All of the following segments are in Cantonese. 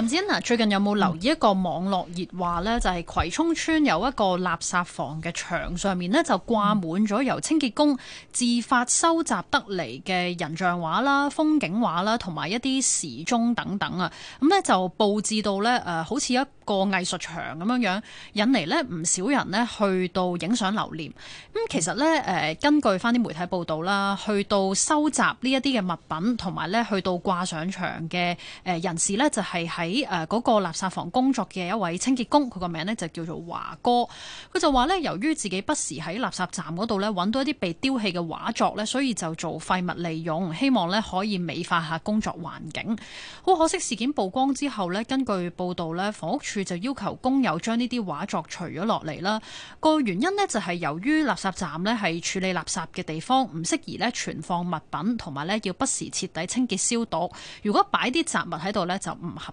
林子恩嗱，最近有冇留意一個網絡熱話咧？就係、是、葵涌村有一個垃圾房嘅牆上面咧，就掛滿咗由清潔工自發收集得嚟嘅人像畫啦、風景畫啦，同埋一啲時鐘等等啊。咁、嗯、咧就布置到咧，誒、呃、好似一個藝術牆咁樣樣引嚟咧唔少人咧去到影相留念。咁、嗯、其實咧，誒、呃、根據翻啲媒體報道啦，去到收集呢一啲嘅物品，同埋咧去到掛上牆嘅誒人士咧，就係係。喺誒嗰個垃圾房工作嘅一位清潔工，佢個名呢就叫做華哥。佢就話呢，由於自己不時喺垃圾站嗰度呢揾到一啲被丟棄嘅畫作呢，所以就做廢物利用，希望呢可以美化下工作環境。好可惜，事件曝光之後呢，根據報道呢，房屋署就要求工友將呢啲畫作除咗落嚟啦。個原因呢，就係由於垃圾站呢係處理垃圾嘅地方，唔適宜呢存放物品，同埋呢要不時徹底清潔消毒。如果擺啲雜物喺度呢，就唔合。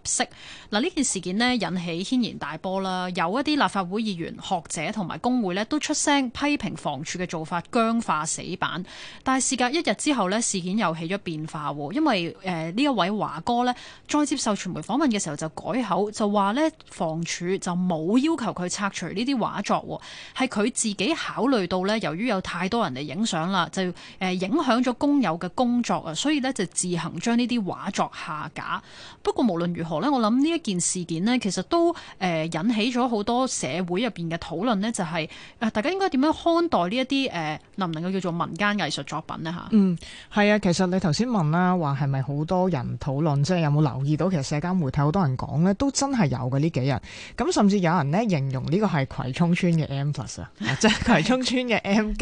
嗱，呢件事件呢，引起軒然大波啦，有一啲立法會議員、學者同埋工會咧都出聲批評房署嘅做法僵化死板。但係事隔一日之後咧，事件又起咗變化，因為誒呢一位華哥咧再接受傳媒訪問嘅時候就改口，就話咧，房署就冇要求佢拆除呢啲畫作，係佢自己考慮到咧，由於有太多人嚟影相啦，就誒影響咗工友嘅工作啊，所以咧就自行將呢啲畫作下架。不過無論如何我諗呢一件事件呢，其實都誒引起咗好多社會入邊嘅討論呢就係誒大家應該點樣看待呢一啲誒能唔能夠叫做民間藝術作品呢？吓，嗯，係啊，其實你頭先問啦，話係咪好多人討論，即係有冇留意到？其實社交媒體好多人講呢，都真係有嘅呢幾日。咁甚至有人呢形容呢個係葵涌村嘅 M+ 啊，即係葵涌村嘅 M+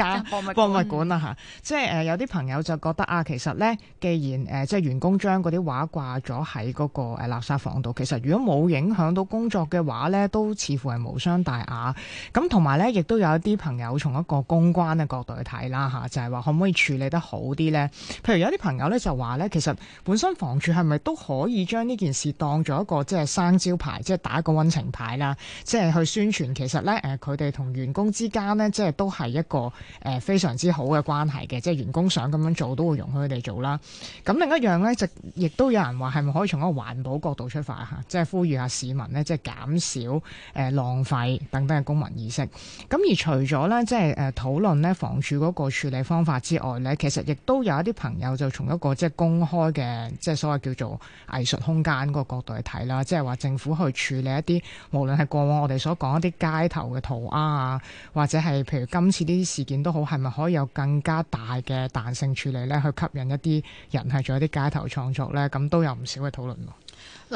博物館啦，吓，即係誒有啲朋友就覺得啊，其實呢，既然誒即係員工將嗰啲畫掛咗喺嗰個誒垃圾房。到其實如果冇影響到工作嘅話咧，都似乎係無傷大雅。咁同埋咧，亦都有一啲朋友從一個公關嘅角度去睇啦嚇，就係話可唔可以處理得好啲咧？譬如有啲朋友咧就話咧，其實本身房署係咪都可以將呢件事當做一個即係生招牌，即係打一個溫情牌啦，即係去宣傳其實咧誒佢哋同員工之間咧，即係都係一個誒、呃、非常之好嘅關係嘅，即係員工想咁樣做都會容許佢哋做啦。咁另一樣咧就亦都有人話係咪可以從一個環保角度出？即係呼籲下市民咧，即係減少誒、呃、浪費等等嘅公民意識。咁而除咗呢，即係誒討論呢房署嗰個處理方法之外呢，其實亦都有一啲朋友就從一個即係公開嘅，即係所謂叫做藝術空間嗰個角度去睇啦。即係話政府去處理一啲無論係過往我哋所講一啲街頭嘅塗鴉啊，或者係譬如今次呢啲事件都好，係咪可以有更加大嘅彈性處理呢？去吸引一啲人係做一啲街頭創作呢，咁都有唔少嘅討論。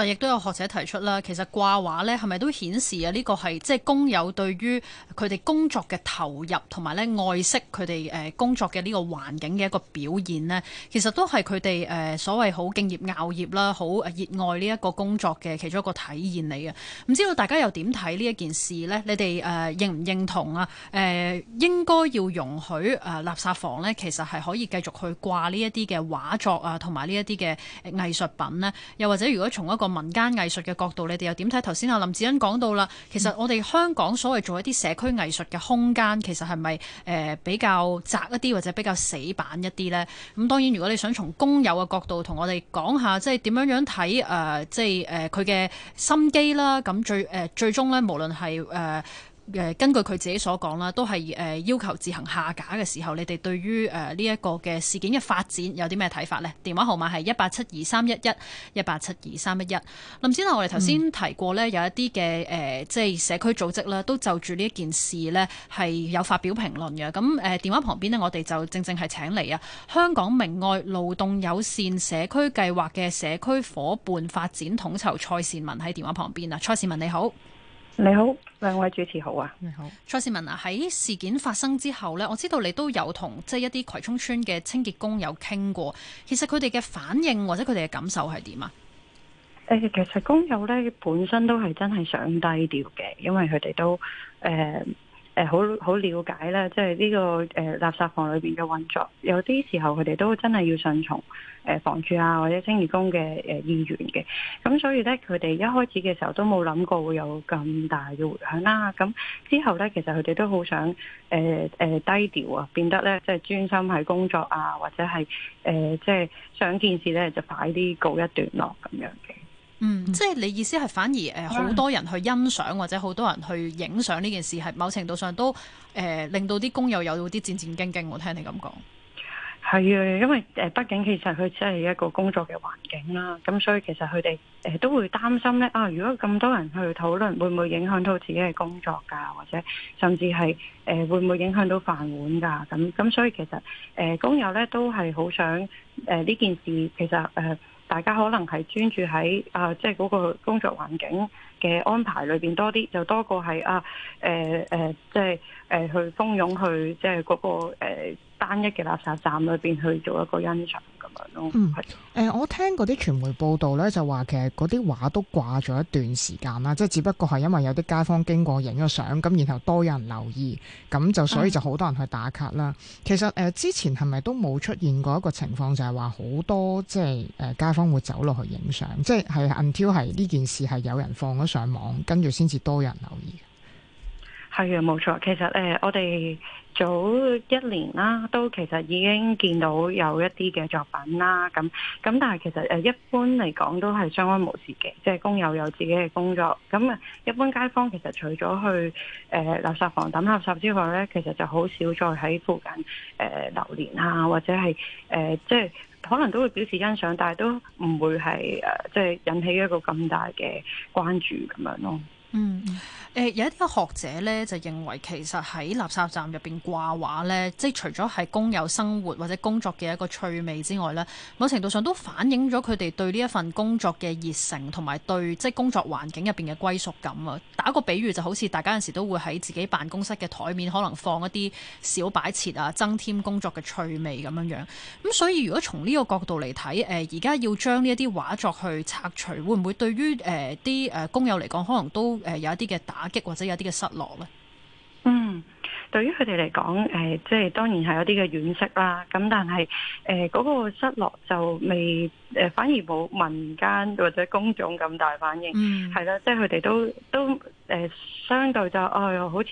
亦都有學者提出啦，其實掛畫咧係咪都顯示啊呢、呢個係即係工友對於佢哋工作嘅投入，同埋咧愛惜佢哋誒工作嘅呢個環境嘅一個表現咧，其實都係佢哋誒所謂好敬業熬業啦，好熱愛呢一個工作嘅其中一個體現嚟嘅。唔知道大家又點睇呢一件事咧？你哋誒、呃、認唔認同啊？誒、呃、應該要容許誒、呃、垃圾房咧，其實係可以繼續去掛呢一啲嘅畫作啊，同埋呢一啲嘅藝術品咧，又或者如果從一個。民間藝術嘅角度，你哋又點睇？頭先阿林志欣講到啦，其實我哋香港所謂做一啲社區藝術嘅空間，其實係咪誒比較窄一啲，或者比較死板一啲呢？咁當然，如果你想從工友嘅角度同我哋講下，即係點樣樣睇誒，即係誒佢嘅心機啦。咁、呃、最誒、呃、最終呢，無論係誒。呃誒根據佢自己所講啦，都係誒要求自行下架嘅時候，你哋對於誒呢一個嘅事件嘅發展有啲咩睇法呢？電話號碼係一八七二三一一一八七二三一一。林先生，我哋頭先提過呢，嗯、有一啲嘅誒，即係社區組織啦，都就住呢一件事呢，係有發表評論嘅。咁誒電話旁邊呢，我哋就正正係請嚟啊，香港明愛勞動友善社區計劃嘅社區夥伴發展統籌蔡蒨文喺電話旁邊啊，蔡蒨文你好。你好，兩位主持好啊。你好。蔡蒨文啊，喺事件發生之後呢，我知道你都有同即係一啲葵涌村嘅清潔工友傾過。其實佢哋嘅反應或者佢哋嘅感受係點啊？誒，其實工友呢本身都係真係想低調嘅，因為佢哋都誒。呃誒好好瞭解咧，即係呢個誒垃圾房裏邊嘅運作，有啲時候佢哋都真係要順從誒房主啊或者清潔工嘅誒意願嘅，咁所以咧佢哋一開始嘅時候都冇諗過會有咁大嘅迴響啦。咁之後咧其實佢哋都好想誒誒低調啊，變得咧即係專心喺工作啊，或者係誒即係想件事咧就快啲告一段落咁樣嘅。嗯，即係你意思係反而誒，好、呃、多人去欣賞或者好多人去影相呢件事，係某程度上都誒、呃、令到啲工友有啲戰戰兢兢。我聽你咁講，係啊，因為誒，畢、呃、竟其實佢只係一個工作嘅環境啦，咁所以其實佢哋誒都會擔心呢。啊，如果咁多人去討論，會唔會影響到自己嘅工作㗎，或者甚至係誒、呃、會唔會影響到飯碗㗎？咁咁所以其實誒、呃、工友呢都係好想誒呢、呃、件事，其實誒。呃大家可能係專注喺啊，即係嗰個工作環境嘅安排裏面多啲，就多過係啊，誒、呃、誒，即係誒去蜂擁去即係嗰個、呃單一嘅垃圾站裏邊去做一個欣賞咁樣咯。嗯，係是。誒、呃，我聽嗰啲傳媒報道咧，就話其實嗰啲畫都掛咗一段時間啦，即、就、係、是、只不過係因為有啲街坊經過影咗相，咁然後多人留意，咁就所以就好多人去打卡啦。唉其實誒、呃，之前係咪都冇出現過一個情況，就係話好多即係誒街坊會走落去影相，即、就、係、是、係 until 係呢件事係有人放咗上網，跟住先至多人留意。係啊，冇錯。其實誒、呃，我哋。早一年啦，都其實已經見到有一啲嘅作品啦，咁咁，但係其實誒一般嚟講都係相安無事嘅，即係工友有自己嘅工作，咁啊，一般街坊其實除咗去誒、呃、垃圾房抌垃圾之外呢，其實就好少再喺附近誒、呃、流連啊，或者係誒、呃、即係可能都會表示欣賞，但係都唔會係誒、呃、即係引起一個咁大嘅關注咁樣咯。嗯，誒、呃，有一啲學者咧就認為，其實喺垃圾站入邊掛畫咧，即係除咗係工友生活或者工作嘅一個趣味之外咧，某程度上都反映咗佢哋對呢一份工作嘅熱誠，同埋對即係工作環境入邊嘅歸屬感啊。打個比喻就好似大家有陣時都會喺自己辦公室嘅台面可能放一啲小擺設啊，增添工作嘅趣味咁樣樣。咁、嗯、所以如果從呢個角度嚟睇，誒、呃，而家要將呢一啲畫作去拆除，會唔會對於誒啲誒工友嚟講，可能都，誒、呃，有一啲嘅打擊或者有啲嘅失落咧。嗯，對於佢哋嚟講，誒、呃，即係當然係有啲嘅惋惜啦。咁但係，誒、呃，嗰、那個失落就未誒、呃，反而冇民間或者公眾咁大反應。嗯，係啦，即係佢哋都都。都誒，相對就，哎、哦、好似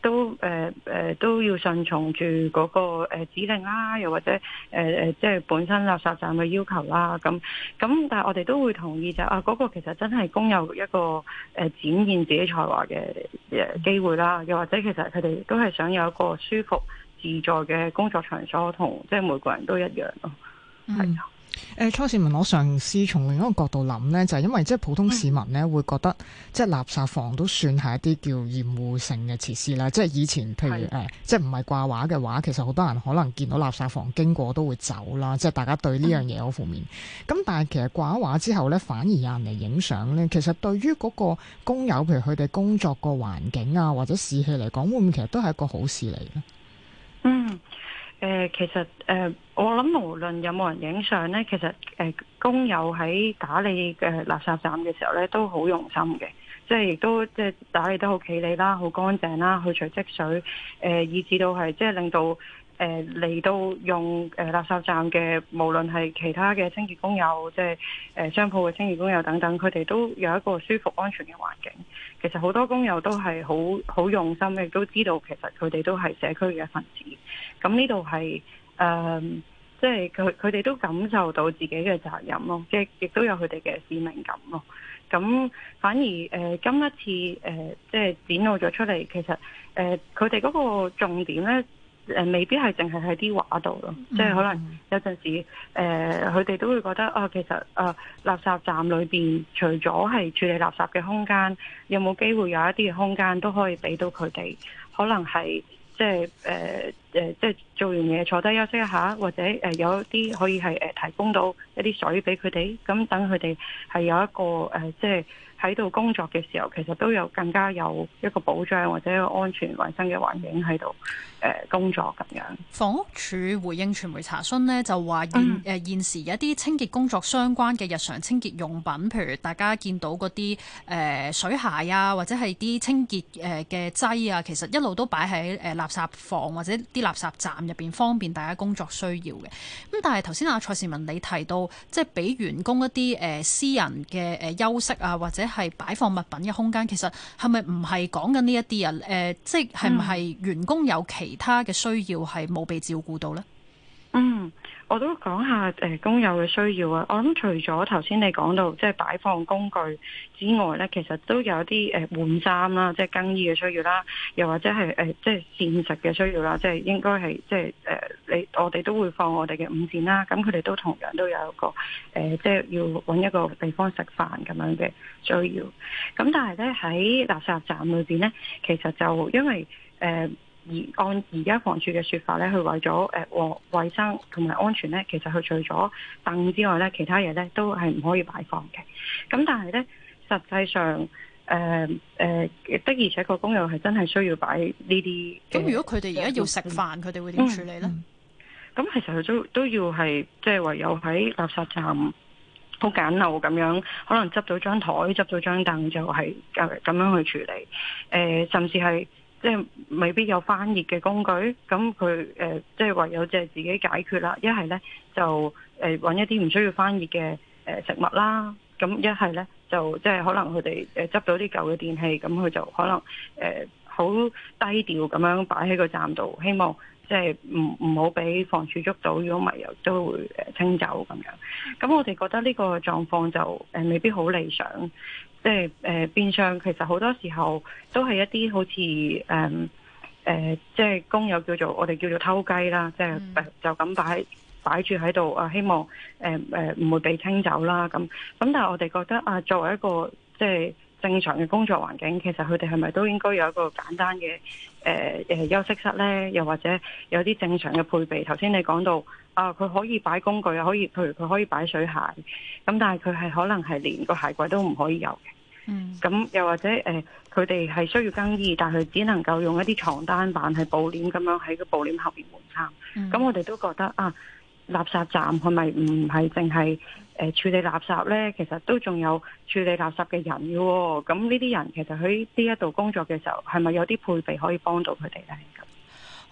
都誒誒、呃、都要順從住嗰個誒指令啦，又或者誒誒、呃，即係本身垃圾站嘅要求啦，咁咁，但係我哋都會同意就，啊，嗰、嗰個其實真係公有一個誒展現自己才華嘅誒機會啦，又或者其實佢哋都係想有一個舒服自在嘅工作場所，同即係每個人都一樣咯，係啊。嗯誒、呃，初市民，我嘗試從另一個角度諗呢，就係、是、因為即係普通市民呢，嗯、會覺得，即係垃圾房都算係一啲叫厭惡性嘅設施啦。即、就、係、是、以前，譬如誒，即係唔係掛畫嘅話，其實好多人可能見到垃圾房經過都會走啦。即、就、係、是、大家對呢樣嘢好負面。咁、嗯、但係其實掛畫之後呢，反而有人嚟影相呢。其實對於嗰個工友，譬如佢哋工作個環境啊，或者士氣嚟講，會唔會其實都係一個好事嚟呢？嗯。誒、呃，其實誒、呃，我諗無論有冇人影相呢，其實誒、呃，工友喺打理嘅垃圾站嘅時候呢，都好用心嘅，即係亦都即係打理得好企理啦，好乾淨啦，去除積水，誒、呃，以至到係即係令到。誒嚟到用誒垃圾站嘅，無論係其他嘅清潔工友，即係誒商鋪嘅清潔工友等等，佢哋都有一個舒服安全嘅環境。其實好多工友都係好好用心嘅，亦都知道其實佢哋都係社區嘅一分子。咁呢度係誒，即係佢佢哋都感受到自己嘅責任咯，即係亦都有佢哋嘅使命感咯。咁反而誒、呃、今一次誒、呃、即係展露咗出嚟，其實誒佢哋嗰個重點咧。誒、呃、未必係淨係喺啲畫度咯，即係可能有陣時誒，佢、呃、哋都會覺得啊、呃，其實啊、呃，垃圾站裏邊除咗係處理垃圾嘅空間，有冇機會有一啲嘅空間都可以俾到佢哋？可能係即係誒誒，即係、呃、做完嘢坐低休息一下，或者誒、呃、有一啲可以係誒、呃、提供到一啲水俾佢哋，咁等佢哋係有一個誒、呃、即係。喺度工作嘅時候，其實都有更加有一個保障，或者一個安全衛生嘅環境喺度，誒工作，咁樣。房屋署回應傳媒查詢咧，就話現誒現時有一啲清潔工作相關嘅日常清潔用品，譬如大家見到嗰啲誒水鞋啊，或者係啲清潔誒嘅劑啊，其實一路都擺喺誒垃圾房或者啲垃圾站入邊，方便大家工作需要嘅。咁但係頭先阿蔡蒨文你提到，即係俾員工一啲誒私人嘅誒休息啊，或者係擺放物品嘅空間，其實係咪唔係講緊呢一啲啊？誒、呃，即係唔係員工有其他嘅需要係冇被照顧到呢？嗯，我都講下誒工、呃、友嘅需要啊。我諗除咗頭先你講到即係擺放工具之外呢，其實都有啲誒換衫啦，即係更衣嘅需要啦，又或者係誒即係膳食嘅需要啦。即係應該係即係誒，你、呃、我哋都會放我哋嘅午膳啦。咁佢哋都同樣都有一個誒、呃，即係要揾一個地方食飯咁樣嘅需要。咁但係呢，喺垃圾站裏邊呢，其實就因為誒。呃而按而家房署嘅説法咧，佢為咗誒衞衞生同埋安全咧，其實佢除咗凳之外咧，其他嘢咧都係唔可以擺放嘅。咁但係咧，實際上誒誒、呃呃、的而且確工友係真係需要擺呢啲。咁如果佢哋而家要食飯，佢哋、嗯、會點處理咧？咁、嗯嗯嗯、其實佢都都要係即係唯有喺垃圾站，好簡陋咁樣，可能執到張枱、執到張凳就係、是、咁樣去處理。誒、呃，甚至係。即係未必有翻熱嘅工具，咁佢誒即係唯有即係自己解決啦。呢呃、一係咧就誒揾一啲唔需要翻熱嘅誒食物啦。咁一係咧就即係可能佢哋誒執到啲舊嘅電器，咁佢就可能誒好、呃、低調咁樣擺喺個站度，希望。即係唔唔好俾房署捉到，如果唔係又都會誒清走咁樣。咁我哋覺得呢個狀況就誒未必好理想。即係誒、呃、變相其實好多時候都係一啲好似誒誒，即係工友叫做我哋叫做偷雞啦，即係、嗯、就咁擺擺住喺度啊，希望誒誒唔會被清走啦。咁咁但係我哋覺得啊，作為一個即係。正常嘅工作環境，其實佢哋係咪都應該有一個簡單嘅誒誒休息室呢？又或者有啲正常嘅配備？頭先你講到啊，佢可以擺工具，可以譬如佢可以擺水鞋，咁但係佢係可能係連個鞋櫃都唔可以有嘅。嗯，咁又或者誒，佢哋係需要更衣，但係只能夠用一啲床單板、板係布簾咁樣喺個布簾後面換衫。咁、嗯、我哋都覺得啊。垃圾站係咪唔係淨係誒處理垃圾呢？其實都仲有處理垃圾嘅人嘅喎，咁呢啲人其實喺呢一度工作嘅時候，係咪有啲配備可以幫到佢哋呢？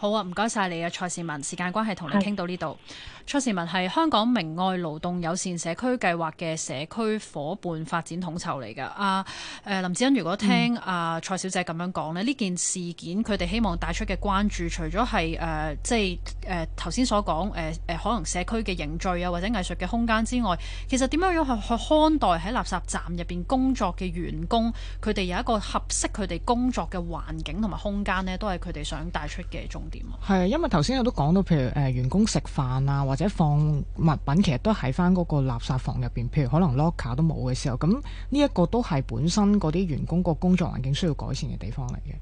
好啊，唔該晒你啊，蔡蒨文。時間關係，同你傾到呢度。蔡蒨文係香港明愛勞動友善社區計劃嘅社區伙伴發展統籌嚟㗎。阿、啊、誒、呃、林志欣，如果聽阿、呃、蔡小姐咁樣講呢，呢件事件佢哋希望帶出嘅關注，除咗係誒即係誒頭先所講誒誒，可能社區嘅凝聚啊，或者藝術嘅空間之外，其實點樣樣去去看待喺垃圾站入邊工作嘅員工，佢哋有一個合適佢哋工作嘅環境同埋空間呢都係佢哋想帶出嘅重。係，因為頭先我都講到，譬如誒員工食飯啊，或者放物品，其實都喺翻嗰個垃圾房入邊。譬如可能 locker 都冇嘅時候，咁呢一個都係本身嗰啲員工個工作環境需要改善嘅地方嚟嘅。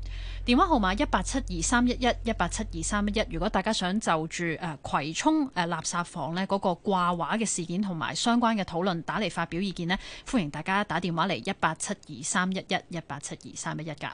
電話號碼一八七二三一一一八七二三一一，如果大家想就住誒葵涌誒垃圾房咧嗰個掛畫嘅事件同埋相關嘅討論打嚟發表意見呢，歡迎大家打電話嚟一八七二三一一一八七二三一一噶。